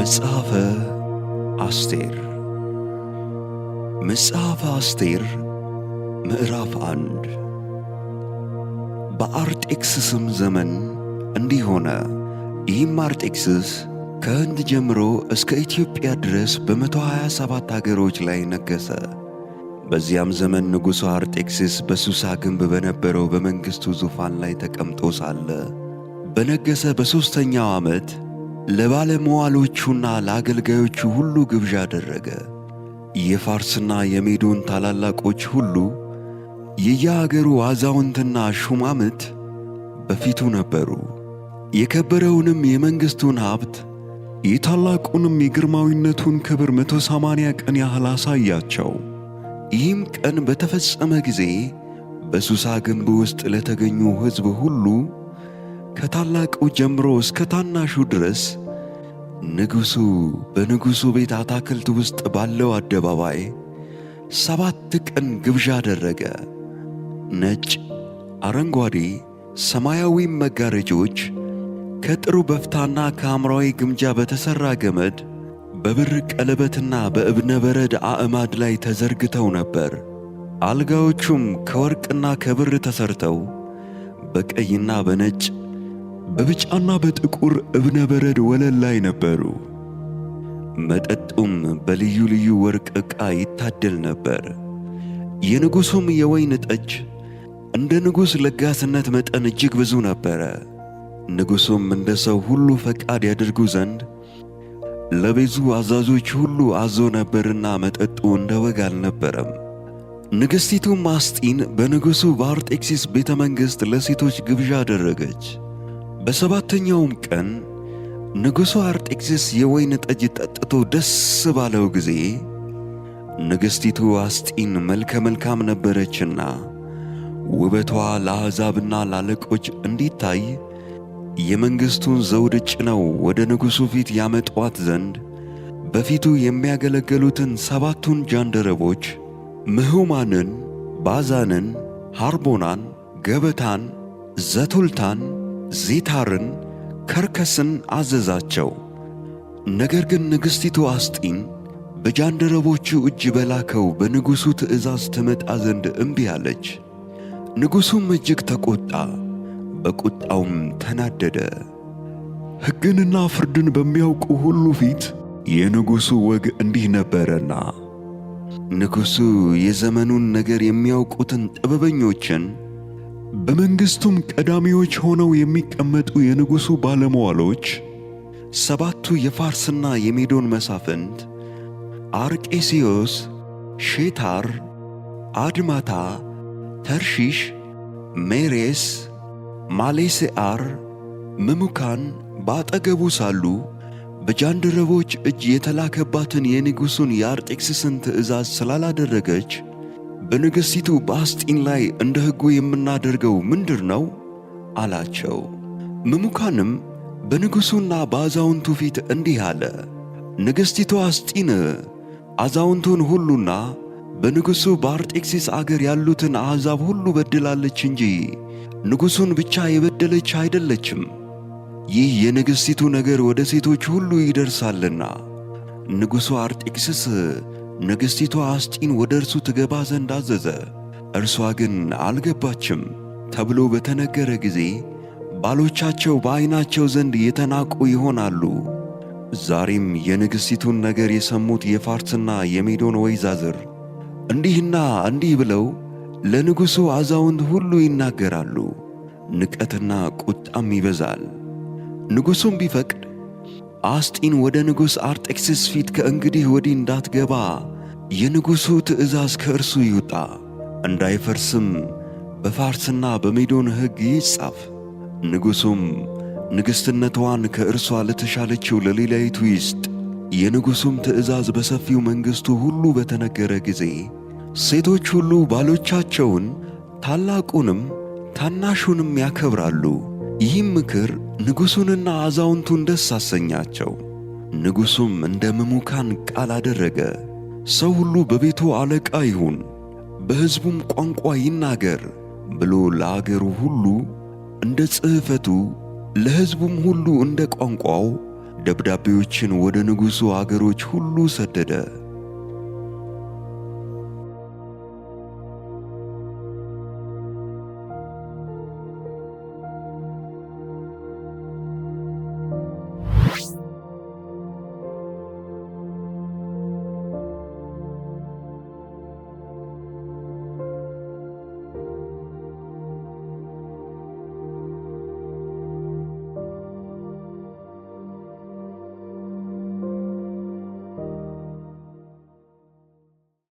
መጽሐፈ አስቴር መጽሐፈ አስቴር ምዕራፍ አንድ በአርጤክስስም ዘመን እንዲህ ሆነ። ይህም አርጤክስስ ከህንድ ጀምሮ እስከ ኢትዮጵያ ድረስ በመቶ ሀያ ሰባት አገሮች ላይ ነገሠ። በዚያም ዘመን ንጉሡ አርጤክስስ በሱሳ ግንብ በነበረው በመንግሥቱ ዙፋን ላይ ተቀምጦ ሳለ በነገሠ በሦስተኛው ዓመት ለባለመዋሎቹና ለአገልጋዮቹ ሁሉ ግብዣ አደረገ። የፋርስና የሜዶን ታላላቆች ሁሉ የየአገሩ አዛውንትና ሹማምት በፊቱ ነበሩ። የከበረውንም የመንግሥቱን ሀብት የታላቁንም የግርማዊነቱን ክብር መቶ ሰማንያ ቀን ያህል አሳያቸው። ይህም ቀን በተፈጸመ ጊዜ በሱሳ ግንብ ውስጥ ለተገኙ ሕዝብ ሁሉ ከታላቁ ጀምሮ እስከ ታናሹ ድረስ ንጉሡ በንጉሡ ቤት አታክልት ውስጥ ባለው አደባባይ ሰባት ቀን ግብዣ አደረገ። ነጭ፣ አረንጓዴ፣ ሰማያዊ መጋረጆች ከጥሩ በፍታና ከሐምራዊ ግምጃ በተሠራ ገመድ በብር ቀለበትና በእብነ በረድ አዕማድ ላይ ተዘርግተው ነበር። አልጋዎቹም ከወርቅና ከብር ተሠርተው በቀይና በነጭ በቢጫና በጥቁር እብነ በረድ ወለል ላይ ነበሩ። መጠጡም በልዩ ልዩ ወርቅ ዕቃ ይታደል ነበር። የንጉሡም የወይን ጠጅ እንደ ንጉሥ ለጋስነት መጠን እጅግ ብዙ ነበረ። ንጉሡም እንደ ሰው ሁሉ ፈቃድ ያደርጉ ዘንድ ለቤዙ አዛዦች ሁሉ አዞ ነበርና መጠጡ እንደ ወግ አልነበረም። ንግሥቲቱም አስጢን በንጉሡ በአርጤክሲስ ቤተ መንግሥት ለሴቶች ግብዣ አደረገች። በሰባተኛውም ቀን ንጉሡ አርጤክስስ የወይን ጠጅ ጠጥቶ ደስ ባለው ጊዜ ንግሥቲቱ አስጢን መልከ መልካም ነበረችና ውበቷ ለአሕዛብና ላለቆች እንዲታይ የመንግሥቱን ዘውድ ጭነው ወደ ንጉሡ ፊት ያመጧት ዘንድ በፊቱ የሚያገለግሉትን ሰባቱን ጃንደረቦች ምሁማንን፣ ባዛንን፣ ሐርቦናን፣ ገበታን፣ ዘቱልታን ዜታርን ከርከስን አዘዛቸው። ነገር ግን ንግሥቲቱ አስጢን በጃንደረቦቹ እጅ በላከው በንጉሡ ትእዛዝ ትመጣ ዘንድ እምቢ አለች። ንጉሡም እጅግ ተቈጣ፣ በቁጣውም ተናደደ። ሕግንና ፍርድን በሚያውቁ ሁሉ ፊት የንጉሡ ወግ እንዲህ ነበረና ንጉሡ የዘመኑን ነገር የሚያውቁትን ጥበበኞችን በመንግሥቱም ቀዳሚዎች ሆነው የሚቀመጡ የንጉሡ ባለመዋሎች ሰባቱ የፋርስና የሜዶን መሳፍንት አርቄስዮስ፣ ሼታር፣ አድማታ፣ ተርሺሽ፣ ሜሬስ፣ ማሌሴአር፣ ምሙካን በአጠገቡ ሳሉ በጃንደረቦች እጅ የተላከባትን የንጉሡን የአርጤክስስን ትእዛዝ ስላላደረገች በንግሥቲቱ በአስጢን ላይ እንደ ሕጉ የምናደርገው ምንድር ነው አላቸው። ምሙካንም በንጉሡና በአዛውንቱ ፊት እንዲህ አለ። ንግሥቲቱ አስጢን አዛውንቱን ሁሉና በንጉሡ በአርጤክሲስ አገር ያሉትን አሕዛብ ሁሉ በድላለች እንጂ ንጉሡን ብቻ የበደለች አይደለችም። ይህ የንግሥቲቱ ነገር ወደ ሴቶች ሁሉ ይደርሳልና ንጉሡ አርጤክስስ ንግሥቲቷ አስጢን ወደ እርሱ ትገባ ዘንድ አዘዘ። እርሷ ግን አልገባችም ተብሎ በተነገረ ጊዜ ባሎቻቸው በዐይናቸው ዘንድ የተናቁ ይሆናሉ። ዛሬም የንግሥቲቱን ነገር የሰሙት የፋርስና የሜዶን ወይዛዝር እንዲህና እንዲህ ብለው ለንጉሡ አዛውንት ሁሉ ይናገራሉ። ንቀትና ቁጣም ይበዛል። ንጉሡም ቢፈቅድ አስጢን ወደ ንጉሥ አርጤክስስ ፊት ከእንግዲህ ወዲህ እንዳትገባ የንጉሡ ትእዛዝ ከእርሱ ይውጣ፣ እንዳይፈርስም በፋርስና በሜዶን ሕግ ይጻፍ። ንጉሡም ንግሥትነትዋን ከእርሷ ለተሻለችው ለሌላይቱ ይስጥ። የንጉሡም ትእዛዝ በሰፊው መንግሥቱ ሁሉ በተነገረ ጊዜ ሴቶች ሁሉ ባሎቻቸውን ታላቁንም ታናሹንም ያከብራሉ። ይህም ምክር ንጉሡንና አዛውንቱን ደስ አሰኛቸው። ንጉሡም እንደ ምሙካን ቃል አደረገ። ሰው ሁሉ በቤቱ አለቃ ይሁን፣ በሕዝቡም ቋንቋ ይናገር ብሎ ለአገሩ ሁሉ እንደ ጽሕፈቱ ለሕዝቡም ሁሉ እንደ ቋንቋው ደብዳቤዎችን ወደ ንጉሡ አገሮች ሁሉ ሰደደ።